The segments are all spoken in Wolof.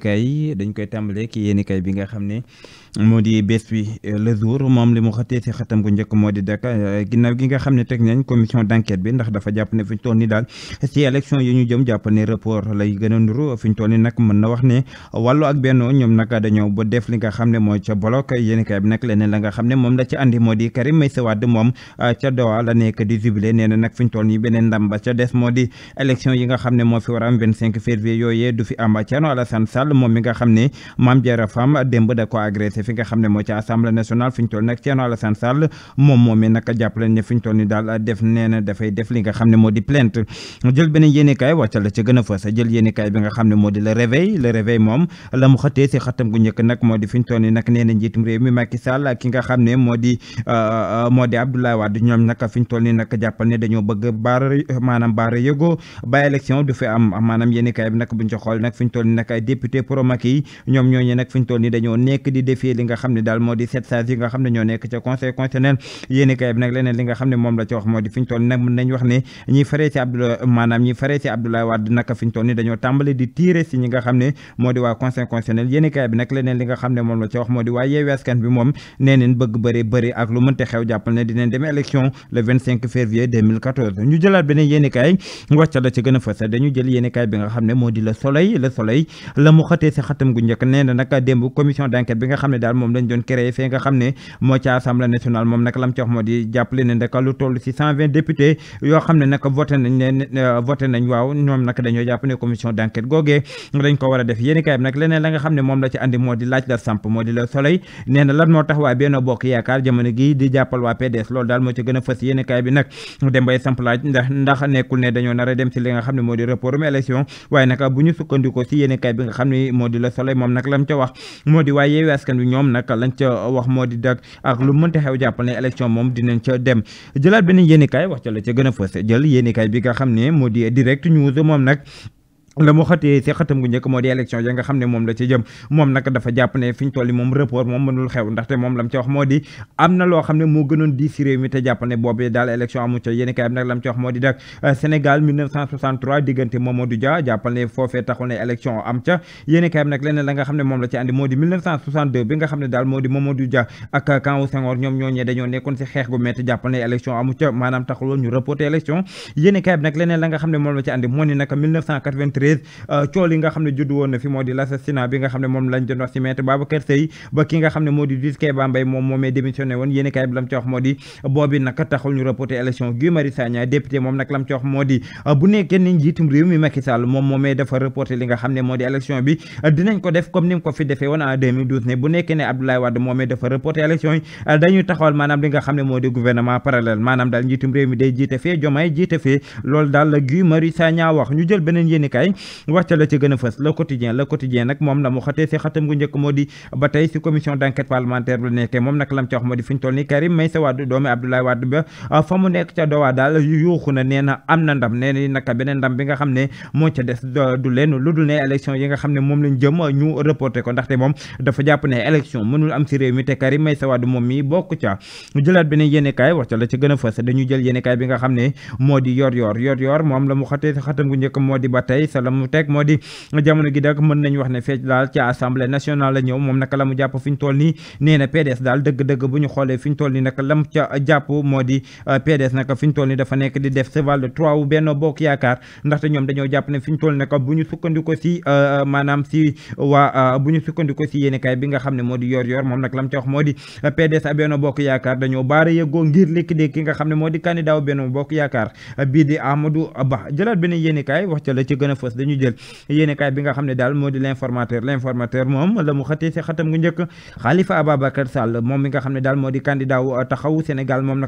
yéenekaay yi dañ koy tàmbalee ki yéenekaay bi nga xam ne moo di bés bi euh, le moom li mu xatee si xatam bu njëkk moo di Dakar euh, ginnaaw xam ne teg bi ndax dafa jàpp fi ñu toll daal a nuru fi ñu toll ni nag na wax ne ba li nga xam ne ci andi moo di Karim Meïssa Wade moom euh, ca Doha la nekk di jubilé nee na nag fi ñu toll yi nga xam ne moo fi war a am 25 février yooyee du fi am Thierno Alassane Sall Sall moom mi nga xam ne Mame Diarra Fam démb da ko agressé fi nga xam ne moo ci assemblée nationale fi ñu toll nag Thierno Alassane Sall moom moom mi nag jàppale ne fi ñu toll ni daal def nee na dafay def li nga xam ne moo di plainte jël beneen yéenekaay wàccal la ci gën a fës jël yéenekaay bi nga xam ne moo di le réveil le réveil moom la mu xëtee si xatam gu njëkk nag moo di fi ñu toll ni nag nee na njiitum réew mi Macky Sall ak ki nga xam ne moo di euh, euh, moo di Abdoulaye Wade ñoom nag fi ñu toll ni nag jàppal ne dañoo bëgg baar maanaam baar yëgoo ba élection du fi am maanaam yéenekaay bi nag buñ ci xool nag fi ñu toll ni nag ay député député pro Macky yi ñoom ñooñu nag fi ñu toll ni dañoo nekk di défier li nga xam ne daal moo di sept sages yi nga xam ne ñoo nekk ca conseil constitutionnel yéeni kaay bi nag leneen li nga xam ne moom la ci wax moo di fi ñu toll bi moom la bëgg bëri bëri ak lu mënte xew jàppal ne dinañ demee élection le 25 février 2014 beneen yéeni kaay wàcca la ci gën a fës dañu jël yéeni kaay bi nga xam ne moo di Le Soleil Le Soleil la mu waxatee si xatam gu njëkk nee na nag commission d' bi nga xam ne daal moom lañ doon créé fee nga xam ne moo ci assemblée nationale moom nag lam ci euh, moom la ci andi si li bi nga xam ne mi moo di la Soleil moom nag lam ca wax moo di waaye Yewwi Askan Wi ñoom nag lañ ca wax moo di dak ak lu mënta xew jàppal ne élection moom dinañ ca dem jëlaat beneen yéenekaay wax ca la ca gën a fës jël yéenekaay bi nga xam ne moo di direct news moom nag la mu xëtee si xëtam gu njëkk moo di élection ya nga xam ne moom la ci jëm moom nag dafa jàpp ne fi moom report moom mënul xew ndaxte te jàpp ne boobu ci wax moo di dak Sénégal diggante moom moo di 1962 euh, bi nga xam ne daal moo amu ca maanaam taxul woon ñu reporté élection yéeni leneen la nga xam ne moom la ci andi moo ni nag entreprise euh, cool yi nga xam ne judd woon na fi moo di l'assassinat bi nga xam ne moom lañ doon wax ci maître Babacar Seye ba ki nga xam ne moo di Doudou Keba moom moomee démissionné woon yéeni kaay bi moo di boobi nag taxul moom moo di euh, bu nekkee ni njiitum moom moomee dafa di élection euh, ko def comme ni mu ko fi defee woon en ne bu nekkee ne Abdoulaye Wade moomee dafa reporté élection yi dañuy taxawal maanaam li nga xam ne moo di gouvernement parallèle maanaam daal njiitum réew mi day Diagne wax ca la ca gën a fës le quotidien le quotidien nag moom la mu xatee si xatam gu njëkk moo di ba tey si commission d' enquête parlementaire bu nekkee moom nag la a mu xatee si xatam gu njëkk moo di ba tey sa la mu teg moo di jamono gi dak mën nañu wax ne feec daal ci assemblée nationale la ñëw moom naka la mu jàpp fi ñu toll nii nee na PDS daal dëgg-dëgg bu ñu xoolee fi ñu toll nii naka la mu ca jàpp moo di euh, PDS fi ñu toll nii dafa nekk di def cheval de Troie wu Benno Bokk Yaakaar ndaxte ñu toll naka sukkandiko si maanaam si waa bu ñu sukkandiko euh, euh, si yéenekaay bi nga xam ne moo di yor yor moom nag la mu ca wax moo di PDS ak Benno Bokk Yaakaar dañoo baara yëgoo ngir liquider ki nga xam ne moo di candidat wu Benno Bokk Yaakaar bii di Amadou Ba jëlaat a bés dañu jël yéenekaay bi nga xam ne daal moo di l'informateur l'informateur moom la mu xëtee si xatam gu njëkk Khalifa Ababacar Sall moom mi nga xam ne daal moo di candidat wu taxaw moom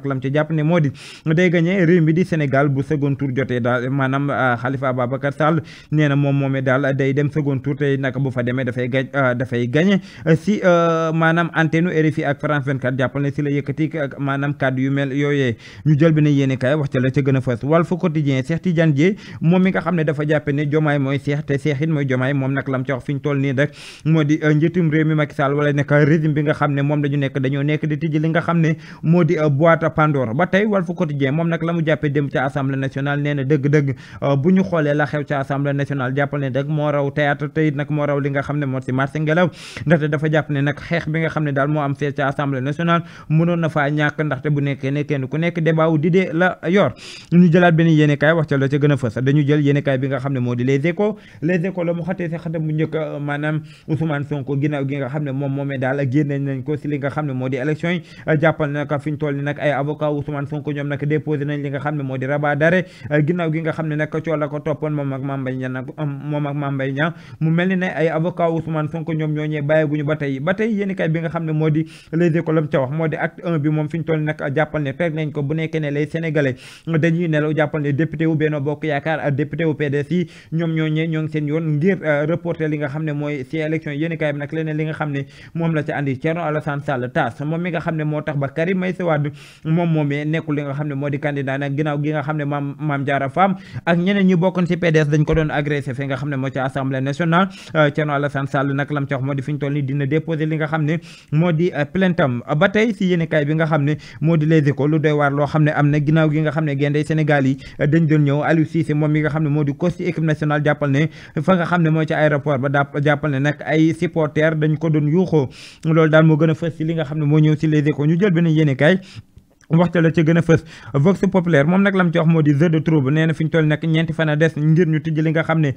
mi euh, na moom moomee daal day dem second tour tey nag bu fa demee dafay gañ euh, dafay gagné euh, si si la yëkkati maanaam kàddu yu mel yooyee ñu jël bi ne yéenekaay wax ca la ca gën a fës Walf nga xam ne dafa jàppe ne jomaay mooy seex te seexin mooy jomaay moom nag lam ci wax fi ñu toll nii euh, nga xam ne euh, moom nag la mu jàppee dem ci assemblée nationale nee dëgg-dëgg euh, bu ñu xoolee la xew ci assemblée nationale jàppal ne rek moo raw théâtre te it nag moo raw li nga xam ne moo si marché ngelaw ndaxte dafa jàpp ne nag xeex bi nga xam ne daal moo am fee ci assemblée nationale mënoon na faa ñàkk ndaxte bu nekkee ne kenn ku nekk débat wu di dee la yor ñu jëlaat benn yéenekaay wax a di les échos les échos la mu xatee si xatam bu njëkk euh, maanaam Ousmane Sonko ginnaaw gi nga xam ne moom moomee daal génne nañ ko si li nga xam ne moo di élection yi euh, ay avocat euh, gi nga xam ne nag coow la ko toppoon moom ak Mame Mbaye mu mel ni ne ay avocat Ousmane Sonko ñoom ñooñee bàyyiguñu ba tey ba tey yéeni kay bi nga xam ne moo di les la mu ca wax moo di acte moom fi ñu ni nag jàppal ne fekk nañ ko bu nekkee ne les sénégalais dañuy nelaw jàppal ne député ñoom ñoo ñee ñoo ngi seen yoon ngir reporter li nga xam ne mooy si élection yéeni kaay bi nag leneen li nga xam ne moom moom moo di candidat ba tey si yéeni bi nga xam ne moo di Les Échos lu doy waar loo xam ne am na ginnaaw gi nga xam ne gendey Sénégal yi dañ doon ñëw Aliou Cissé moom mi nga xam ne moo di coach équipe nationale nationale jàppal ne fa nga xam ne mooy ci aéroport ba daa jàppal ne nag ay supporters dañ ko doon yuuxoo loolu daal moo gën a fës ci li nga xam ne moo ñëw si les échos ñu jël beneen yéene kaay waxta la ca gën a fës vox populaire moom nag lam ci wax moo di jeu de trouble nee fi a des ngir ñu tijj ah, ah, nga xam ne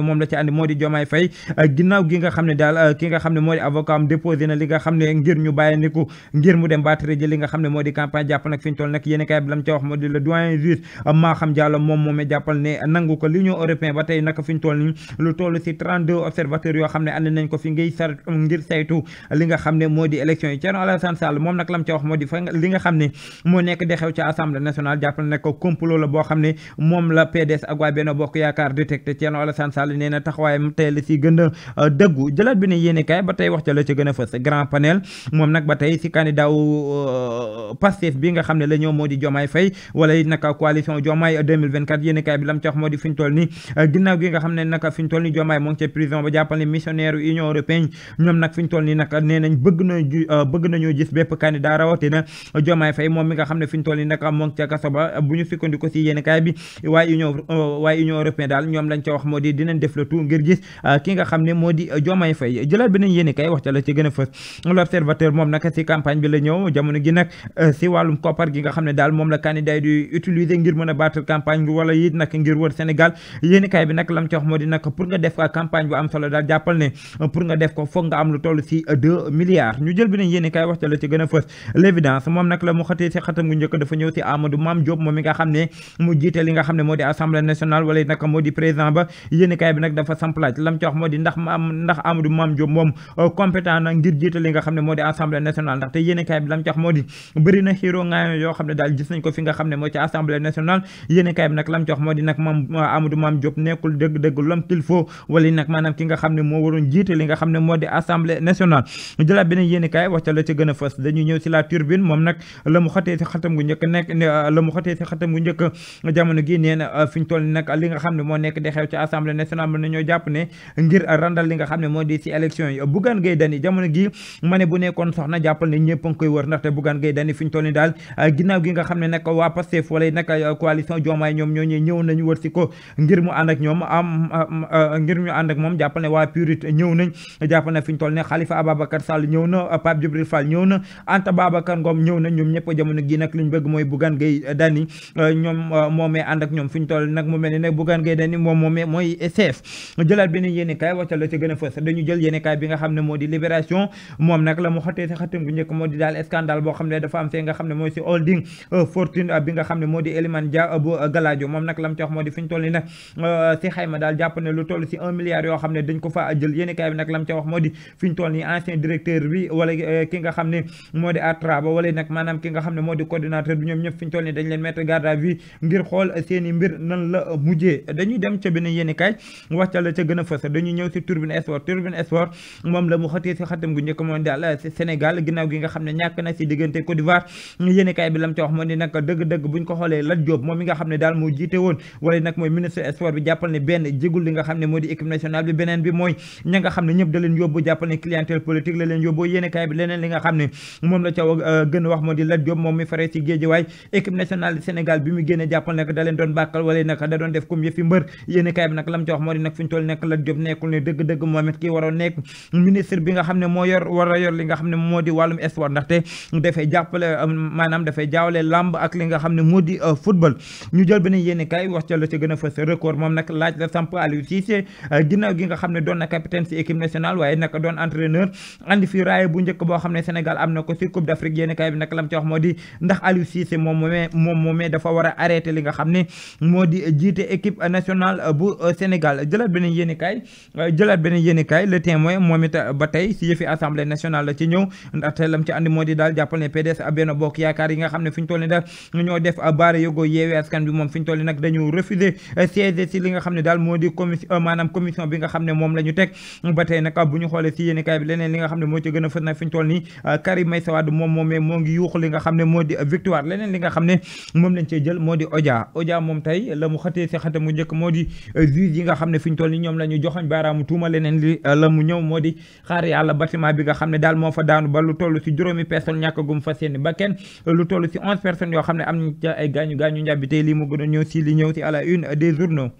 moom la ci andi moo di jomaay fay ah, ginnaaw gi nga xam ne daal ki nga xam ne moo di avocat am déposé na li nga xam ne ngir ñu bàyyandiku ngir mu dem battre ji li nga xam ne moo di campagne jàppal nag fi ñu toll nag yéeni kaay bi lam ci wax moo di le doyen juge maa xam jàllo moom moomee jàppal ne nangu ko l'union européenne ba tey nag fi ñu toll ni lu toll si 32 observateur yoo xam ne a euh, ba tey wax ca la ca gën a grand panel moom nag ba tey si candidat wu euh, bi nga xam ne la ñoo moo di Diomaye Faye wala it nag coalition Diomaye 2024 yéene kaay bi lam ca wax moo di fi ñu ni euh, ginnaaw gi nga xam ne nag fi ñu ni Diomaye moo ca prison ba ba jàppal ne missionnaire union européenne ñoom nag fi ñu toll nii nag nee nañ bëgg nañu euh, bëgg nañoo gis bépp candidat rawatina Diomaye Faye moom mi nga xam ne fi toll nii nag moom ca kaso bu ñu sukkandiku si yéen bi waaye union euh, waaye daal ñoom lañ ca wax moo di dinañ euh, ci gën a koppar gi nga xam ne daal moom la candidat yi di utiliser ngir mën a campagne bi wala it nag ngir wër Sénégal yéen bi nag lam ca wax moo di nag pour nga def campagne bu la daal jàppal ne euh, pour nga def ko foog nga am lu toll si euh, deux moom nag la moo di maam ndax moom euh, compétent na ngir jiite li nga xam ne moo di assemblée nationale ndaxte yéeni kaay bi lam ci wax di bëri na xiiroo ngaayo yoo xam ne daal gis nañ ko fi nga xam ne moo ci assemblée nationale yéeni bi nag lam ci wax di nag maam Amadou Mame Diop nekkul dëgg-dëgg l'homme qu'il faut wala nag maanaam ki nga xam ne moo waroon jiite li nga xam ne moo di assemblée nationale jëlaat ñëw si la turbine moom nag la mu xatee si xatam gu njëkk euh, euh, jamono gi nee na euh, fi nekk di xew ci assemblée nationale mën nañoo jàpp ne ngir randal li nga xam ne moo di si élection yi Bougane Gueye Dany jamono gi ma ne bu nekkoon soxna jàppal ne ñëpp a koy wër ndaxte Bougane Gueye Dany fi ñu toll ni daal ginnaaw gi nga xam ne nag waa Pastef wala nag coalition Diomaye ñoom ne waa purit ñëw nañ jàpp ne toll ne Khalifa Ababacar Sall ñëw na Pape Djibril Fall ñëw na Anta Babacar Ngom ñëw na ñoom ñëpp jamono gi nag euh, moom mooy chef jëlaat beneen yéene kaay la ci gën a dañu jël yéene bi nga xam ne mooy si holding euh, fortune bi nga xam ne moo di Eliman Dia bu Galadio moom nag la mu ci moo di fi toll ni nag si euh, xayma daal jàpp lu toll si un milliard yoo xam ne dañ ko faa jël yéeni eh, dem ca beneen yéeni kaay wax ca la ca gën a fës ñëw si Turbine Sport Turbine Sport moom la mu xëtee si xatam gu njëkk moom daal eh, Sénégal ginnaaw gi nga xam ne ñàkk na si diggante Côte d'Ivoire yéeni kaay bi lam ca wax moo di nag dëgg-dëgg buñ ko xoolee Lat Diop moom mi nga xam ne daal moo jiite woon wala nag mooy ministre sport bi jàppal ne benn jégul li nga xam ne moo di équipe nationale bi beneen beneen bi mooy ña nga xam ne ñëpp da yóbbu jàpp ne clientèle politique la yóbbu yéene bi leneen li nga xam ne moom la ca euh, gën a wax record moom nag laaj la samp Aliou Cissé euh, gi nga xam xam ne doon na capitaine si équipe nationale waaye nag doon entraîneur andi fi raaye bu njëkk boo xam ne Sénégal am na ko si Coupe d'Afrique yéen bi nag lam ci wax moom moom a ba tey si yëfi assemblée nationale la ci ñëw ndaxte lam ci andi moo di daal jàppal ne PDS ak bokk yaakaar yi nga xam ne fi ñu toll ni daal ñoo def baara yogoo yeewee askan bi moom fi ñu toll ni nag dañu refuser siège si li nga xam ne daal moo di euh, commission bi nga moom la ñu teg ba tey nag bu ñu xoolee si yéeni kaay bi leneen li nga xam ne moo ci gën a fës nag fi ñu toll nii Karim Meïssa Wade moom moomee nga xam ne moo di victoire leneen nga xam ne moom lañ cee jël moo di Odia Odia moom tey la mu xëtee si xëte mu njëkk moo di juge nga xam ne fi ñu toll nii ñoom la ñu joxoñ baaraamu tuuma leneen li la mu ñëw moo di xaar yàlla bâtiment bi nga xam ne daal moo fa daanu ba lu toll si juróomi person ñàkk gum fa seeni ba kenn lu toll si onze personnes yoo xam ne am nañ ca ay gaañu gaañu njàbbi tey li mu gën a ñëw si li ñëw si à la une des journaux